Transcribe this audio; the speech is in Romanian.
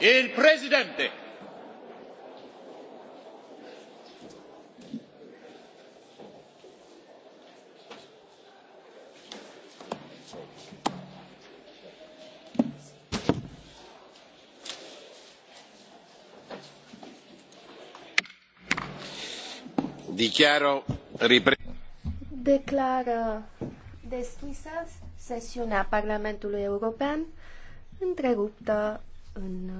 il presidente. Dichiaro Declară deschisă sesiunea Parlamentului European, întreruptă în